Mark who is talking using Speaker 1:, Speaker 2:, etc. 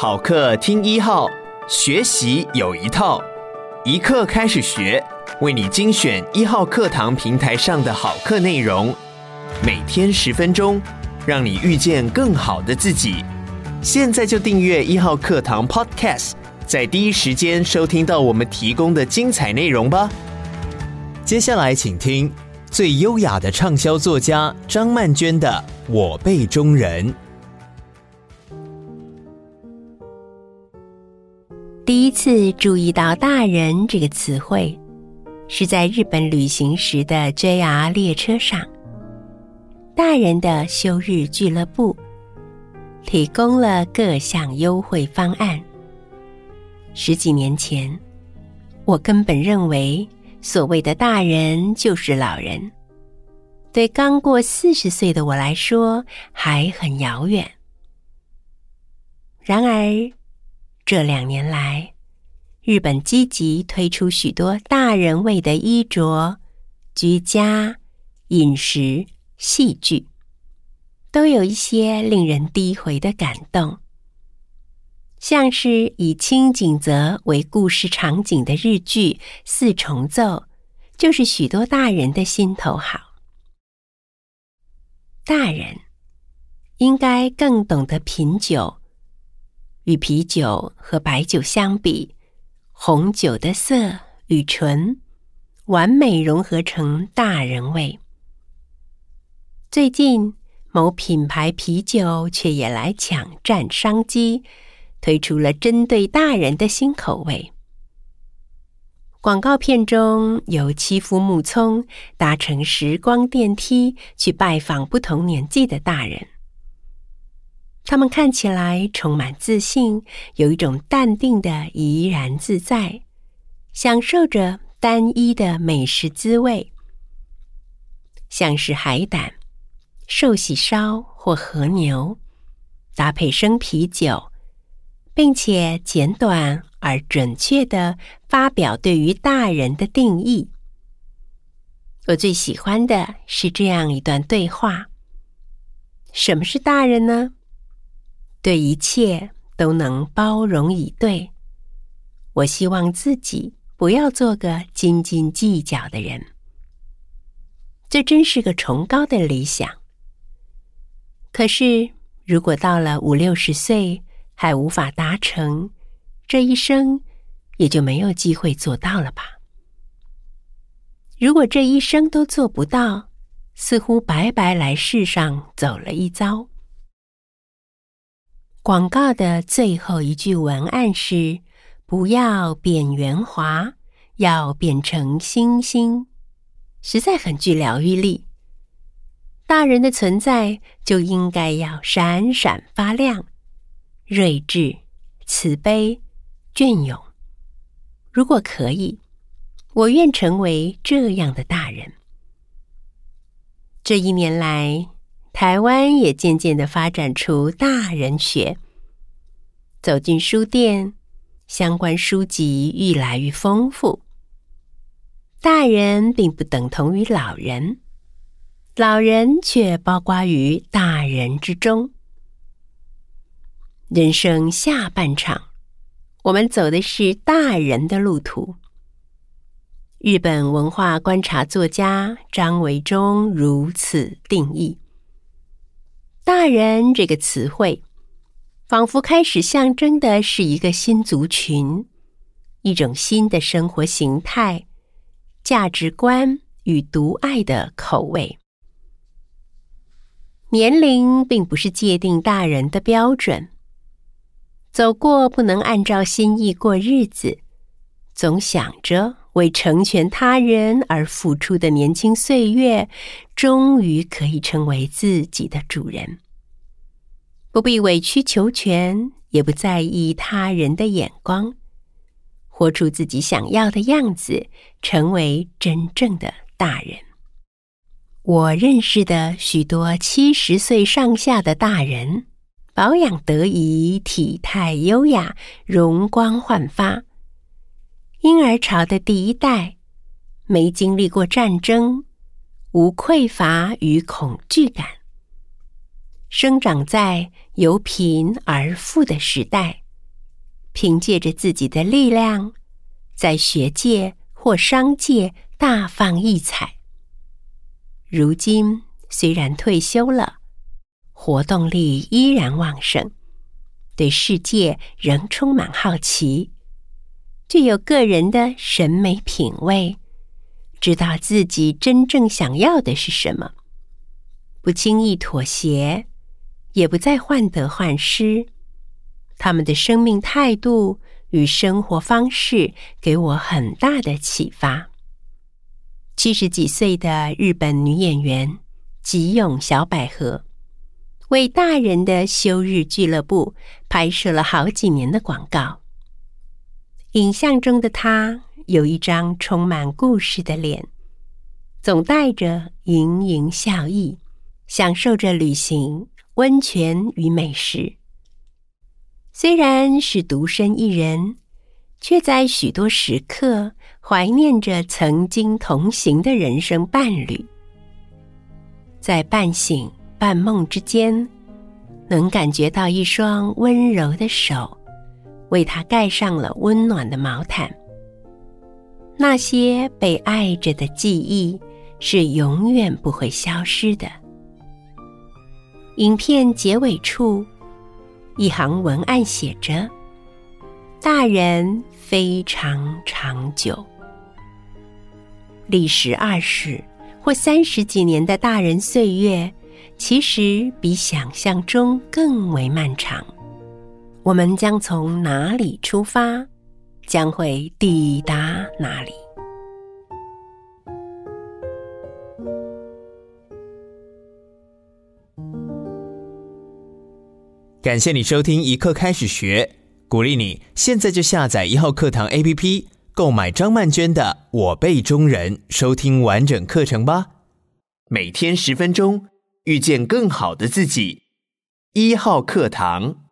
Speaker 1: 好課聽一號，學習有一套，一課開始學，為你精選一號課堂平台上的好課內容，每天十分鐘，讓你遇見更好的自己。現在就訂閱一號課堂 Podcast，在第一時間收聽到我們提供的精彩內容吧。接下來請聽最優雅的暢銷作家張曼娟的《我輩中人》。
Speaker 2: 第一次注意到“大人”這個詞彙，是在日本旅行時的 JR 列車上。大人的休日俱樂部提供了各項優惠方案。十幾年前，我根本認為所謂的大人就是老人，對剛過四十歲的我來說還很遙遠。然而，這兩年來，日本積極推出許多大人味的衣着、居家、飲食、戲劇，都有一些令人低回的感動。像是以輕井澤為故事場景的日劇《四重奏》，就是許多大人的心頭好。大人應該更懂得品酒。與啤酒和白酒相比，紅酒的色與醇完美融合成大人味。最近，某品牌啤酒卻也來搶占商機，推出了針對大人的新口味。廣告片中由妻夫木聰搭乘時光電梯去拜訪不同年紀的大人。他們看起來充滿自信，有一種淡定的怡然自在，享受着單一的美食滋味，像是海膽、壽喜燒或和牛，搭配生啤酒，並且簡短而準確地發表對於大人的定義。我最喜歡的是這樣一段對話：“什麼是大人呢？”對一切都能包容以對，我希望自己不要做個斤斤計較的人。這真是個崇高的理想。可是，如果到了五六十歲還無法達成，這一生也就沒有機會做到了吧？如果這一生都做不到，似乎白白來世上走了一遭。廣告的最後一句文案是：“不要變圓滑，要變成星星，實在很具療癒力。大人的存在就應該要閃閃發亮，睿智、慈悲、雋永。如果可以，我願成為這樣的大人。這一年來。”台灣也漸漸地發展出大人學。走進書店，相關書籍愈來愈豐富。大人並不等同於老人，老人卻包括於大人之中。人生下半場，我們走的是大人的路途。日本文化觀察作家張維中如此定義。大人這個詞彙，仿佛開始象徵的是一個新族群，一種新的生活形態、價值觀與獨愛的口味。年齡並不是界定大人的標準。走過不能按照心意過日子，總想着。為成全他人而付出的年輕歲月，終於可以成為自己的主人。不必委曲求全，也不在意他人的眼光，活出自己想要的樣子，成為真正的大人。我認識的許多七十歲上下的大人，保養得宜，體態優雅，容光煥發。嬰兒潮的第一代，沒經歷過戰爭，無匱乏與恐懼感，生長在由貧而富的時代，憑借着自己的力量，在學界或商界大放異彩。如今雖然退休了，活動力依然旺盛，對世界仍充滿好奇。具有個人的審美品味，知道自己真正想要的是什麼，不輕易妥協，也不再患得患失。他們的生命態度與生活方式給我很大的啟發。七十幾歲的日本女演員吉永小百合為大人的休日俱樂部拍攝了好幾年的廣告。影像中的他有一張充滿故事的臉，總帶着盈盈笑意，享受着旅行、溫泉與美食。雖然是獨身一人，卻在許多時刻懷念着曾經同行的人生伴侶。在半醒半夢之間，能感覺到一雙溫柔的手。為他蓋上了溫暖的毛毯。那些被愛着的記憶是永遠不會消失的。影片結尾處，一行文案寫着：“大人非常長久，歷時二十或三十幾年的大人歲月，其實比想象中更為漫長。”我們將從哪裡出發，將會抵達哪裡？
Speaker 1: 感謝你收聽《一課開始學》，鼓勵你現在就下載一號課堂 APP，購買張曼娟的《我輩中人》，收聽完整課程吧。每天十分鐘，遇見更好的自己。一號課堂。